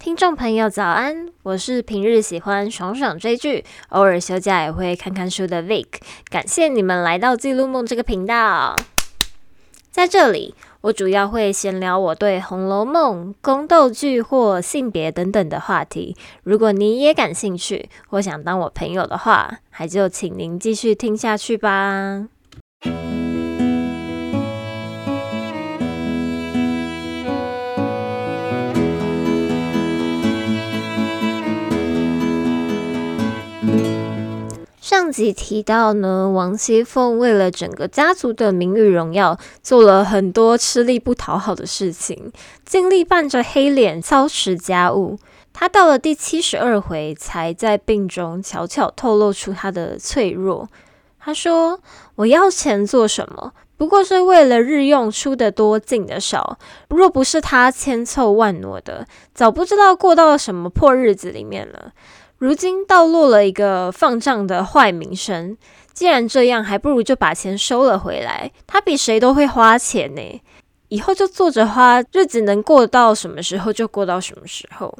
聽眾朋友早安，我是平日喜歡爽爽追劇，偶爾休假也會看看書的 Vic。感謝你們來到《記錄夢》這個頻道，在這裡我主要會閒聊我對《紅樓夢》、宮鬥劇或性別等等的話題。如果你也感興趣，或想當我朋友的話，還就請您繼續聽下去吧。上集提到呢，王熙鳳為了整個家族的名譽榮耀，做了很多吃力不討好的事情，盡力扮着黑臉操持家務。她到了第七十二回，才在病中悄悄透露出她的脆弱。她說：“我要錢做什麼？不過是為了日用，出的多，進的少。若不是她千湊萬挪的，早不知道過到了什麼破日子裡面了。”如今倒落了一個放賬的壞名聲。既然這樣，還不如就把錢收了回來。他比誰都會花錢呢、欸，以後就坐着花，日子能過到什麼時候就過到什麼時候。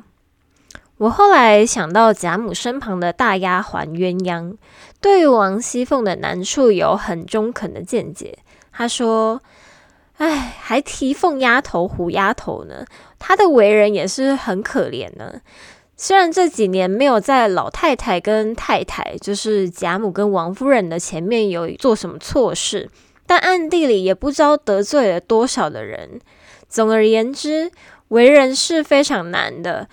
我後來想到賈母身旁的大丫鬟鴛鴦，對於王熙鳳的難處有很中肯的見解。她說：“哎，還提鳳丫頭、虎丫頭呢？她的為人也是很可憐呢、啊。”雖然這幾年沒有在老太太跟太太，就是賈母跟王夫人的前面有做什麼錯事，但暗地裡也不知道得罪了多少的人。總而言之，為人是非常難的。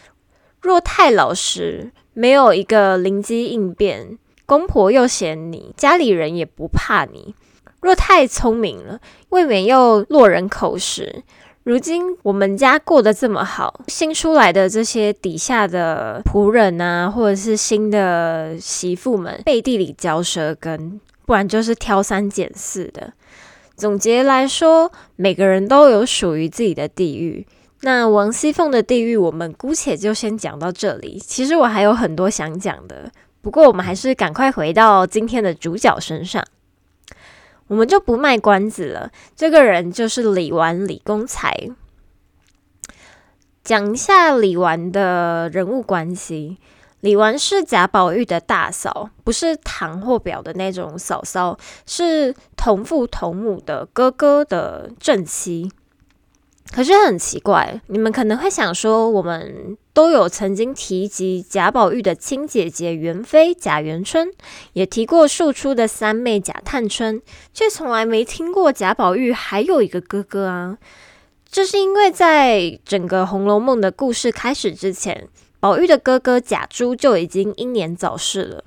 若太老實，沒有一個靈機應變，公婆又嫌你，家裡人也不怕你；若太聰明了，未免又落人口實。如今我們家過得這麼好，新出來的這些底下的僕人啊，或者是新的媳婦們，背地裡嚼舌根，不然就是挑三揀四的。總結來說，每個人都有屬於自己的地獄。那王熙鳳的地獄，我們姑且就先講到這裡。其實我還有很多想講的，不過我們還是趕快回到今天的主角身上。我們就不賣關子了，這個人就是李紈，李宮裁。講一下李紈的人物關係，李紈是賈寶玉的大嫂，不是堂或表的那種嫂嫂，是同父同母的哥哥的正妻。可是很奇怪，你們可能會想說，我們都有曾經提及賈寶玉的親姐姐元妃賈元春，也提過庶出的三妹賈探春，卻從來沒聽過賈寶玉還有一個哥哥啊！這、就是因為在整個《紅樓夢》的故事開始之前，寶玉的哥哥賈珠就已經英年早逝了。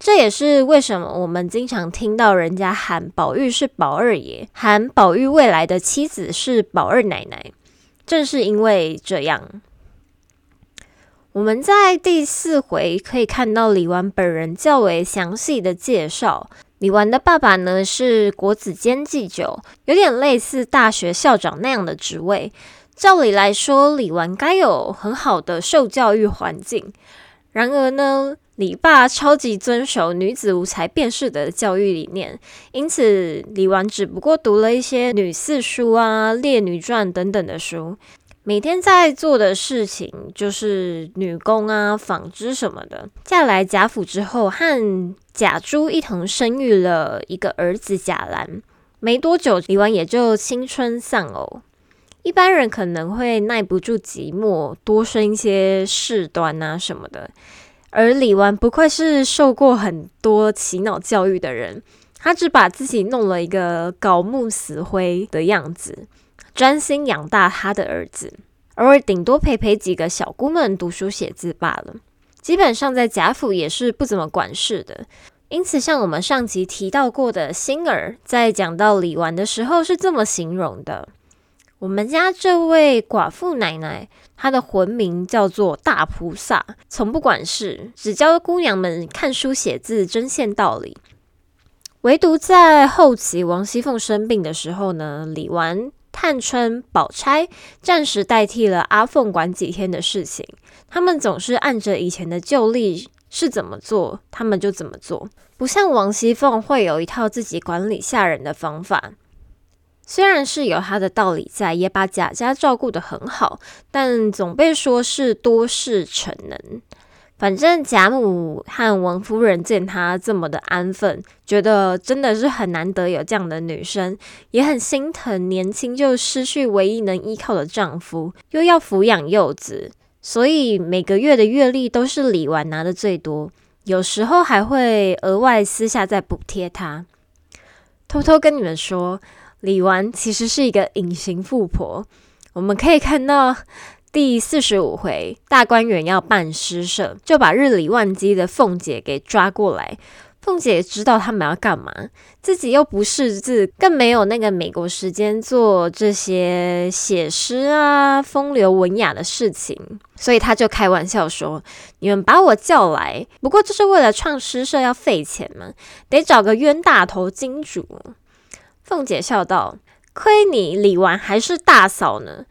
這也是為什麼我們經常聽到人家喊寶玉是寶二爺，喊寶玉未來的妻子是寶二奶奶。正是因為這樣，我們在第四回可以看到李紈本人較為詳細的介紹。李紈的爸爸呢，是國子監祭酒，有點類似大學校長那樣的職位。照理來說，李紈該有很好的受教育環境，然而呢？李爸超級遵守“女子無才便是德”的教育理念，因此李紈只不過讀了一些女四書啊、《列女傳》等等的書，每天在做的事情就是女工啊、紡織什麼的。嫁來賈府之後，和賈珠一同生育了一個兒子賈蘭。沒多久，李紈也就青春喪偶。一般人可能會耐不住寂寞，多生一些事端啊什麼的。而李紈不愧是受過很多洗腦教育的人，他只把自己弄了一個槁木死灰的樣子，專心養大他的兒子，偶爾頂多陪陪幾個小姑們讀書寫字罷了。基本上在賈府也是不怎麼管事的。因此，像我們上集提到過的，興兒在講到李紈的時候是這麼形容的。我們家這位寡婦奶奶，她的混名叫做大菩薩，從不管事，只教姑娘們看書寫字、針線道理。唯獨在後期王熙鳳生病的時候呢，李紈、探春、寶釵暫時代替了阿鳳管幾天的事情。他們總是按着以前的舊例是怎麼做，他們就怎麼做，不像王熙鳳會有一套自己管理下人的方法。雖然是有他的道理在，也把賈家照顧得很好，但總被說是多事逞能。反正賈母和王夫人見她這麼的安分，覺得真的是很難得有這樣的女生，也很心疼年輕就失去唯一能依靠的丈夫，又要撫養幼子，所以每個月的月例都是李紈拿的最多，有時候還會額外私下再補貼她。偷偷跟你們說。李紈其實是一個隱形富婆，我們可以看到第四十五回，大觀園要辦詩社，就把日理萬機的鳳姐給抓過來。鳳姐也知道他們要幹嘛，自己又不識字，更沒有那個美國時間做這些寫詩啊、風流文雅的事情，所以她就開玩笑說：“你們把我叫來，不過就是為了創詩社要費錢嘛，得找個冤大頭金主。”鳳姐笑道：“虧你李紈還是大嫂呢。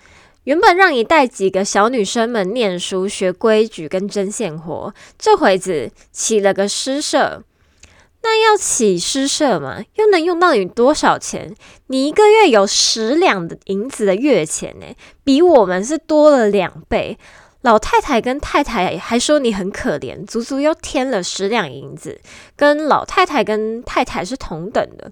原本讓你帶幾個小女生們念書、學規矩跟針線活，這回子起了個詩社。那要起詩社嘛，又能用到你多少錢？你一個月有十兩的銀子的月錢呢、欸，比我們是多了兩倍。老太太跟太太還說你很可憐，足足又添了十兩銀子，跟老太太跟太太是同等的。”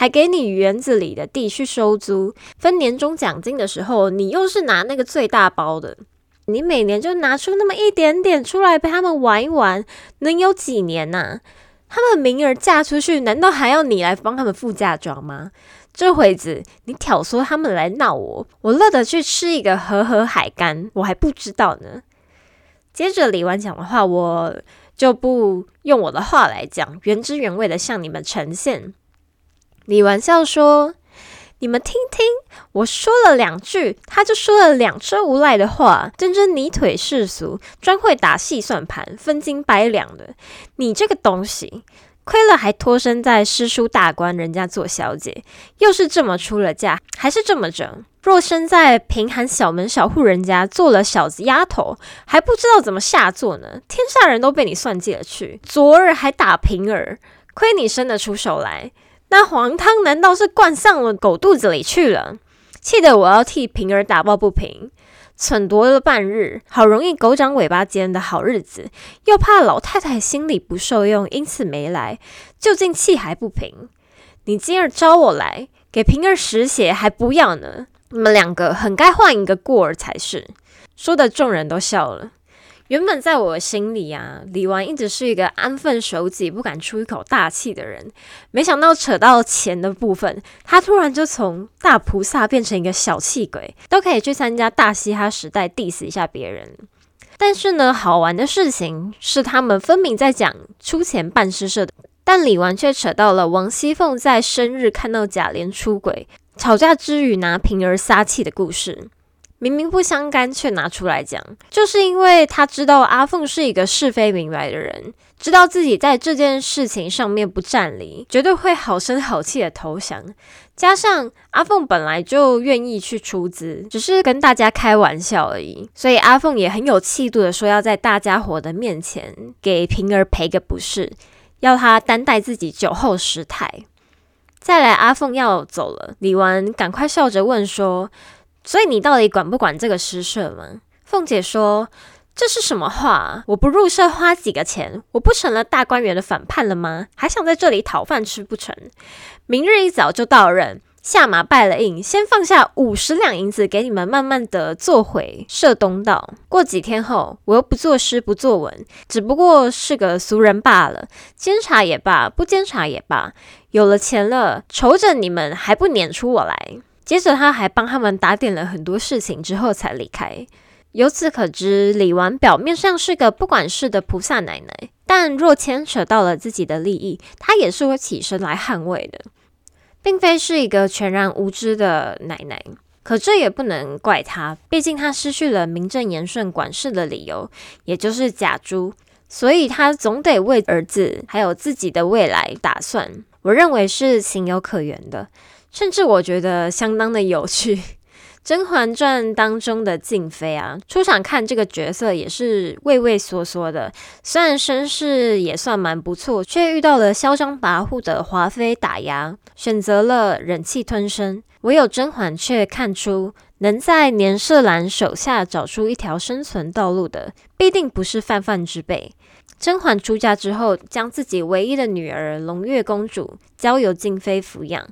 還給你園子裡的地去收租，分年終獎金的時候，你又是拿那個最大包的。你每年就拿出那麼一點點出來陪他們玩一玩，能有幾年呢、啊？他們明兒嫁出去，難道還要你來幫他們付嫁妝嗎？這會子你挑唆他們來鬧我，我樂得去吃一個河涸海乾，我還不知道呢。接着李紈講的話，我就不用我的話來講，原汁原味的向你們呈現。你玩笑說，你們聽聽，我說了兩句，他就說了兩車無賴的話。真真泥腿世俗，專會打細算盤，分斤掰兩的。你這個東西，虧了還托生在詩書大官人家做小姐，又是這麼出了嫁，還是這麼整。若生在貧寒小門小戶人家，做了小子丫頭，還不知道怎麼下作呢。天下人都被你算計了去。昨日還打平兒，虧你伸得出手來。那黃湯難道是灌上了狗肚子裡去了？氣得我要替平兒打抱不平，忖度了半日，好容易狗長尾巴尖的好日子，又怕老太太心裡不受用，因此沒來，究竟氣還不平。你今兒招我來，給平兒拾鞋還不要呢？你們兩個很該換一個過兒才是。說的眾人都笑了。原本在我心裡啊，李紈一直是一個安分守己、不敢出一口大氣的人。沒想到扯到錢的部分，他突然就從大菩薩變成一個小氣鬼，都可以去參加大嘻哈時代 diss 一下別人。但是呢，好玩的事情是，他們分明在講出錢辦詩社的，但李紈卻扯到了王熙鳳在生日看到賈璉出軌，吵架之餘拿平兒撒氣的故事。明明不相干，卻拿出來講，就是因為他知道阿鳳是一個是非明白的人，知道自己在這件事情上面不占理，絕對會好聲好氣的投降。加上阿鳳本來就願意去出資，只是跟大家開玩笑而已，所以阿鳳也很有氣度的說要在大家伙的面前給平兒賠個不是，要他擔待自己酒後失態。再來，阿鳳要走了，李紈趕快笑着問說：所以你到底管不管這個詩社嗎？鳳姐說：“這是什麼話？我不入社花幾個錢，我不成了大觀園的反叛了嗎？還想在這裡討飯吃不成？明日一早就到任，下馬拜了印，先放下五十兩銀子給你們，慢慢的做回社東道。過幾天後，我又不作詩不作文，只不過是個俗人罷了。監察也罷，不監察也罷，有了錢了，愁著你們還不攆出我來？”接着他還幫他們打點了很多事情，之後才離開。由此可知，李紈表面上是個不管事的菩薩奶奶，但若牽扯到了自己的利益，她也是會起身來捍衛的，並非是一個全然無知的奶奶。可這也不能怪她，畢竟她失去了名正言順管事的理由，也就是賈珠，所以她總得為兒子還有自己的未來打算。我認為是情有可原的。甚至我覺得相當的有趣，《甄嬛傳》當中的敬妃啊，出場看這個角色也是畏畏縮縮的。雖然身世也算蠻不錯，卻遇到了囂張跋扈的華妃打壓，選擇了忍氣吞聲。唯有甄嬛卻看出，能在年世蘭手下找出一條生存道路的，必定不是泛泛之輩。甄嬛出嫁之後，將自己唯一的女兒朧月公主交由敬妃撫養。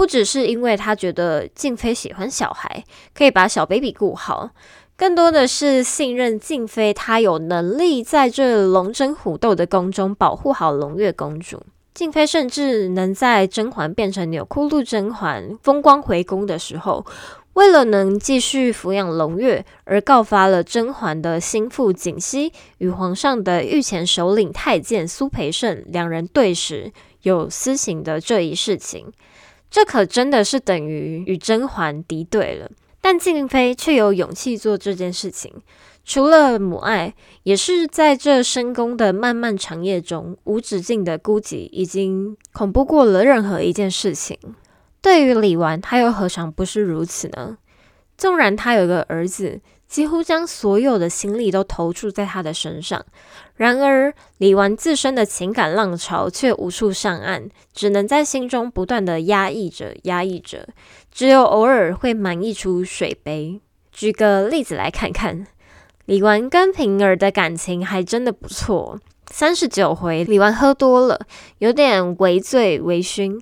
不只是因為他覺得敬妃喜歡小孩，可以把小 baby 顧好，更多的是信任敬妃，她有能力在這龍爭虎鬥的宮中保護好朧月公主。敬妃甚至能在甄嬛變成鈕祜祿甄嬛，風光回宮的時候，為了能繼續撫養朧月，而告發了甄嬛的心腹槿汐與皇上的御前首領太監蘇培盛兩人對食有私情的這一事情。這可真的是等於與甄嬛敵對了，但敬妃卻有勇氣做這件事情。除了母愛，也是在這深宮的漫漫長夜中無止境的孤寂，已經恐怖過了任何一件事情。對於李紈，他又何嘗不是如此呢？縱然他有個兒子，幾乎將所有的心力都投注在他的身上，然而李紈自身的情感浪潮卻無處上岸，只能在心中不斷的壓抑着，壓抑着，只有偶爾會滿溢出水杯。舉個例子來看看，李紈跟平兒的感情還真的不錯。三十九回，李紈喝多了，有點微醉微醺，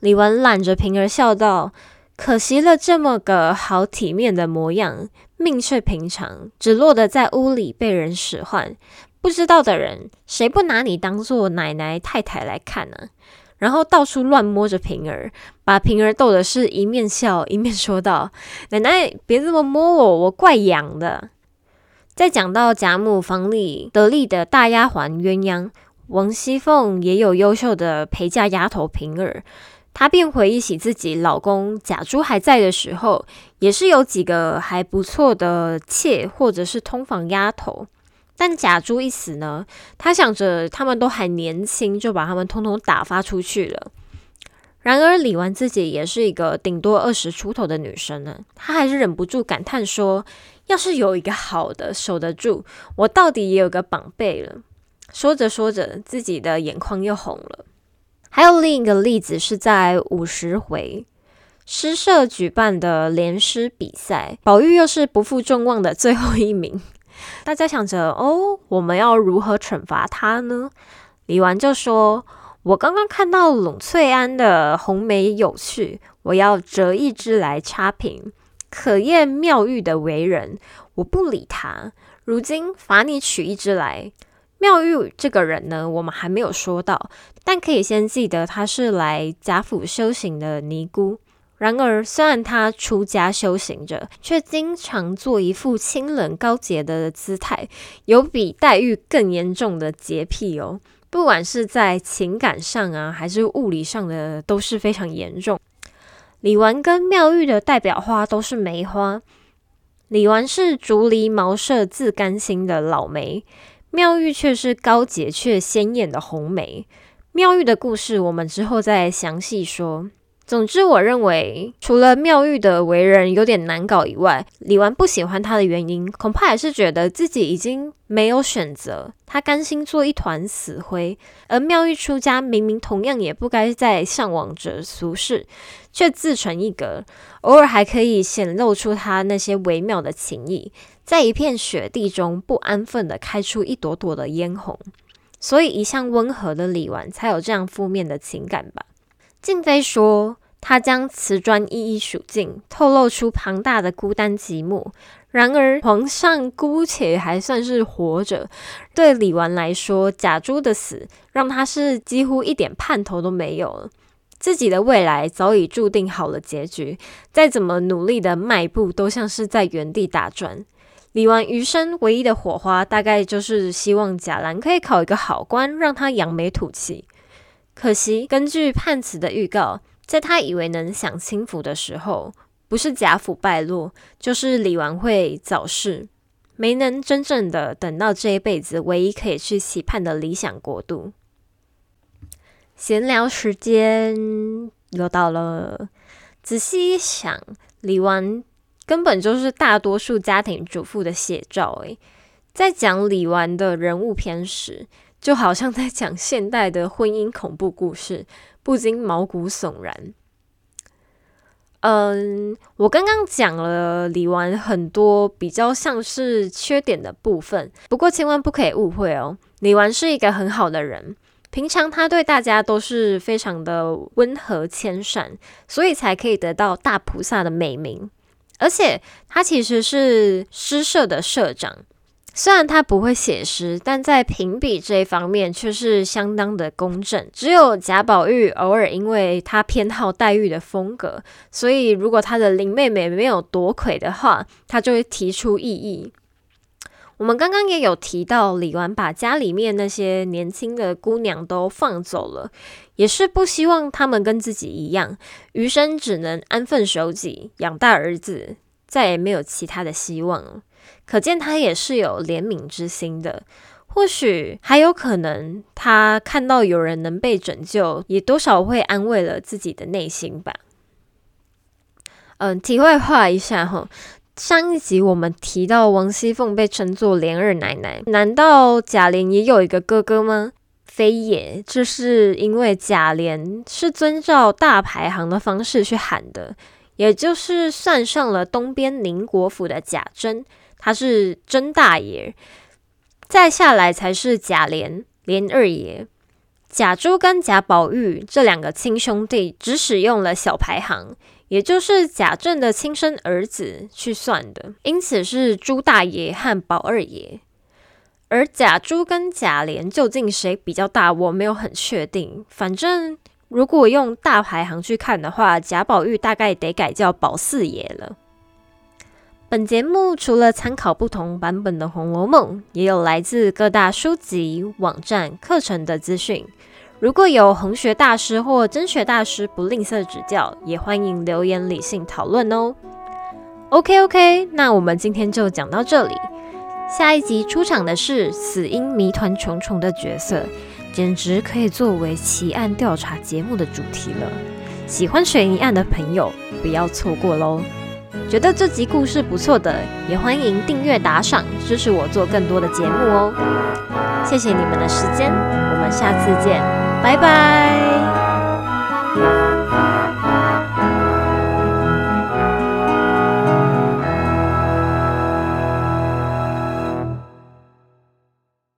李紈攬着平兒笑道。可惜了這麼個好體面的模樣，命卻平常，只落得在屋裡被人使喚。不知道的人，誰不拿你當做奶奶太太來看呢、啊？然後到處亂摸着平兒，把平兒逗得是，一面笑一面說道：“奶奶別這麼摸我，我怪癢的。”再講到賈母房裡得力的大丫鬟鴛鴦，王熙鳳也有優秀的陪嫁丫頭平兒。她便回憶起自己老公賈珠還在的時候，也是有幾個還不錯的妾或者是通房丫頭，但賈珠一死呢，她想着他們都還年輕，就把他們通通打發出去了。然而李紈自己也是一個頂多二十出頭的女生呢，她還是忍不住感嘆說：“要是有一個好的守得住，我到底也有個膀臂了。”說着說着，自己的眼眶又紅了。還有另一個例子是在五十回詩社舉辦的聯詩比賽，寶玉又是不負眾望的最後一名。大家想着，哦，我們要如何懲罰他呢？李紈就說：“我剛剛看到櫳翠庵的紅梅有趣，我要折一支來插瓶，可厭妙玉的為人，我不理他。如今罰你取一支來。”妙玉這個人呢，我們還沒有說到，但可以先記得他是來賈府修行的尼姑。然而，雖然他出家修行着，卻經常做一副清冷高潔的姿態，有比黛玉更嚴重的潔癖哦。不管是在情感上啊，還是物理上的，都是非常嚴重。李紈跟妙玉的代表花都是梅花。李紈是竹籬茅舍自甘心的老梅。妙玉卻是高潔卻鮮豔的紅梅。妙玉的故事，我們之後再詳細說。總之，我認為除了妙玉的為人有點難搞以外，李紈不喜歡她的原因，恐怕也是覺得自己已經沒有選擇，她甘心做一團死灰。而妙玉出家，明明同樣也不該再嚮往着俗世，卻自成一格，偶爾還可以顯露出她那些微妙的情誼，在一片雪地中不安分地開出一朵朵的嫣紅。所以，一向溫和的李紈才有這樣負面的情感吧。敬妃說：“她將瓷磚一一數盡，透露出龐大的孤單寂寞。然而皇上姑且還算是活着，對李紈來說，賈珠的死讓她是幾乎一點盼頭都沒有了。自己的未來早已注定好了結局，再怎麼努力的邁步，都像是在原地打轉。李紈餘生唯一的火花，大概就是希望賈蘭可以考一個好官，讓他揚眉吐氣。”可惜，根據判詞的預告，在他以為能享清福的時候，不是賈府敗落，就是李紈會早逝，沒能真正的等到這一輩子唯一可以去期盼的理想國度。閒聊時間又到了，仔細一想，李紈根本就是大多數家庭主婦的寫照誒。在講李紈的人物篇時，就好像在講現代的婚姻恐怖故事，不禁毛骨悚然。嗯，我剛剛講了李紈很多比較像是缺點的部分，不過千萬不可以誤會哦，李紈是一個很好的人，平常他對大家都是非常的溫和謙善，所以才可以得到大菩薩的美名。而且他其實是詩社的社長。雖然他不會寫詩，但在評比這一方面卻是相當的公正。只有賈寶玉偶爾因為他偏好黛玉的風格，所以如果他的林妹妹沒有奪魁的話，他就會提出異議。我們剛剛也有提到，李紈把家裡面那些年輕的姑娘都放走了，也是不希望他們跟自己一樣，餘生只能安分守己，養大兒子，再也沒有其他的希望了。可見他也是有憐憫之心的，或許還有可能他看到有人能被拯救，也多少會安慰了自己的內心吧。嗯，題外話一下哈，上一集我們提到王熙鳳被稱作“璉二奶奶”，難道賈璉也有一個哥哥嗎？非也，這、就是因為賈璉是遵照大排行的方式去喊的，也就是算上了東邊寧國府的賈珍。他是珍大爺，再下來才是賈璉，璉二爺。賈珠跟賈寶玉這兩個親兄弟，只使用了小排行，也就是賈政的親生兒子去算的，因此是珠大爺和寶二爺。而賈珠跟賈璉究竟誰比較大，我沒有很確定。反正如果用大排行去看的話，賈寶玉大概得改叫寶四爺了。本節目除了參考不同版本的《紅樓夢》，也有來自各大書籍、網站、課程的資訊。如果有紅學大師或真學大師不吝嗇指教，也歡迎留言理性討論哦。OK OK，那我們今天就講到這裡。下一集出場的是死因謎團重重的角色，簡直可以作為奇案調查節目的主題了。喜歡懸疑案的朋友不要錯過嘍。覺得這集故事不錯的，也歡迎訂閱、打賞，支持我做更多的節目哦。謝謝你們的時間，我們下次見，拜拜。